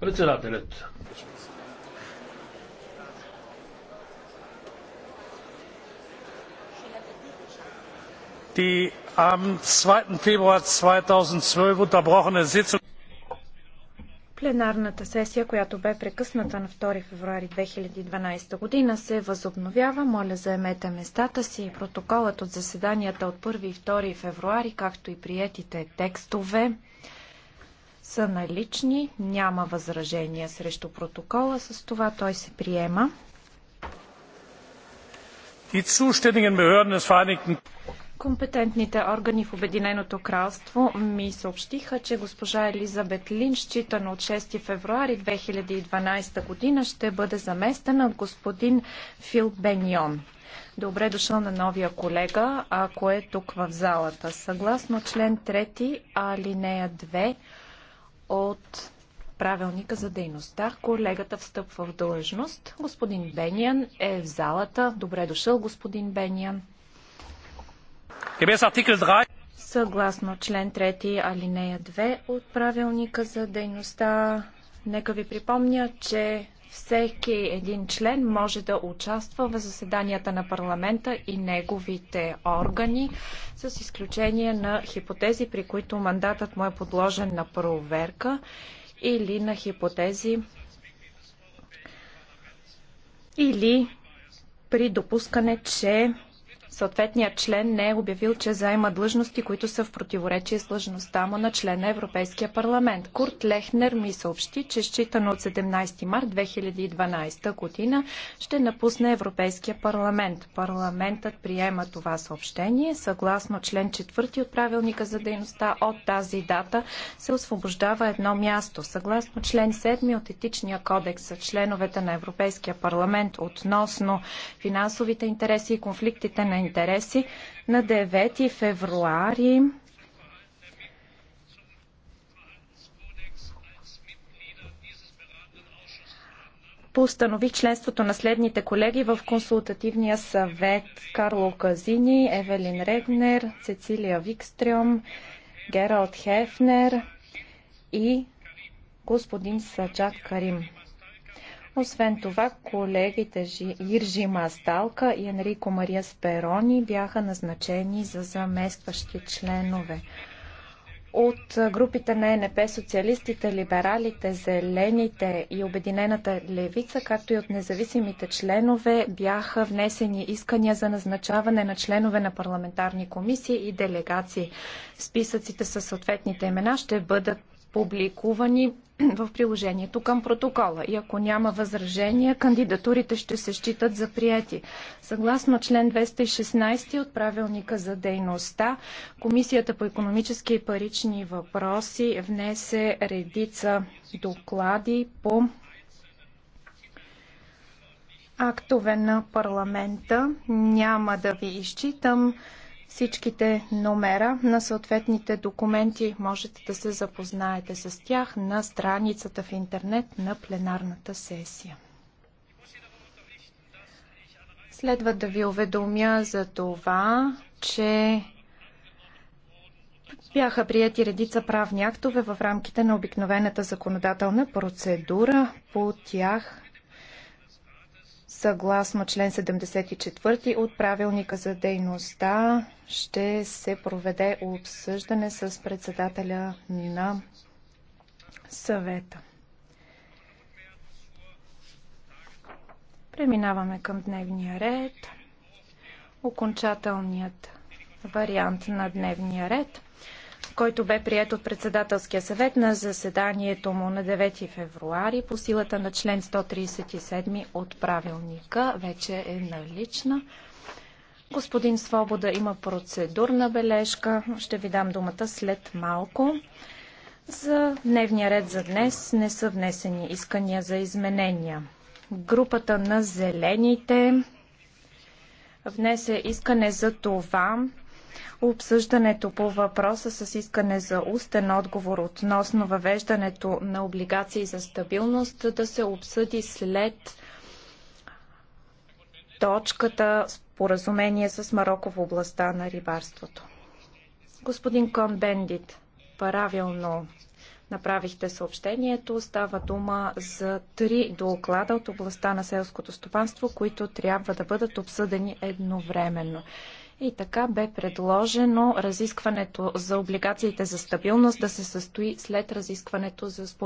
Председателят. Die am 2. Februar 2012 unterbrochene Sitzung Пленарната сесия, която бе прекъсната на 2 февруари 2012 година, се възобновява. Моля, заемете местата си. Протоколът от заседанията от 1 и 2 февруари, както и приетите текстове, са налични, няма възражения срещу протокола, с това той се приема. Компетентните органи в Обединеното кралство ми съобщиха, че госпожа Елизабет Лин, считана от 6 февруари 2012 година, ще бъде заместена от господин Фил Беньон. Добре дошъл на новия колега, ако е тук в залата. Съгласно член 3, алинея 2 от правилника за дейността. Колегата встъпва в длъжност. Господин Бениан е в залата. Добре дошъл, господин Бениан. Е, Съгласно член 3 алинея 2 от правилника за дейността, нека ви припомня, че всеки един член може да участва в заседанията на парламента и неговите органи, с изключение на хипотези, при които мандатът му е подложен на проверка или на хипотези или при допускане, че съответният член не е обявил, че заема длъжности, които са в противоречие с длъжността му на член на Европейския парламент. Курт Лехнер ми съобщи, че считано от 17 март 2012 година ще напусне Европейския парламент. Парламентът приема това съобщение. Съгласно член 4 от правилника за дейността от тази дата се освобождава едно място. Съгласно член 7 от етичния кодекс за членовете на Европейския парламент относно финансовите интереси и конфликтите на интереси на 9 февруари постанови членството на следните колеги в консултативния съвет Карло Казини, Евелин Регнер, Цецилия Викстрем, Гералд Хефнер и господин Саджат Карим. Освен това, колегите Иржи Масталка и Енрико Мария Сперони бяха назначени за заместващи членове. От групите на НП, социалистите, либералите, зелените и Обединената левица, както и от независимите членове, бяха внесени искания за назначаване на членове на парламентарни комисии и делегации. Списъците със съответните имена ще бъдат публикувани в приложението към протокола и ако няма възражения, кандидатурите ще се считат за прияти. Съгласно член 216 от правилника за дейността, Комисията по економически и парични въпроси внесе редица доклади по актове на парламента. Няма да ви изчитам. Всичките номера на съответните документи можете да се запознаете с тях на страницата в интернет на пленарната сесия. Следва да ви уведомя за това, че бяха прияти редица правни актове в рамките на обикновената законодателна процедура. По тях Съгласно член 74 от правилника за дейността ще се проведе обсъждане с председателя на съвета. Преминаваме към дневния ред. Окончателният вариант на дневния ред който бе прият от председателския съвет на заседанието му на 9 февруари по силата на член 137 от правилника. Вече е налична. Господин Свобода има процедурна бележка. Ще ви дам думата след малко. За дневния ред за днес не са внесени искания за изменения. Групата на зелените внесе искане за това Обсъждането по въпроса с искане за устен отговор относно въвеждането на облигации за стабилност да се обсъди след точката споразумение с Марокко в областта на рибарството. Господин Кон Бендит, правилно направихте съобщението. Става дума за три доклада от областта на селското стопанство, които трябва да бъдат обсъдени едновременно. И така бе предложено разискването за облигациите за стабилност да се състои след разискването за споразумението.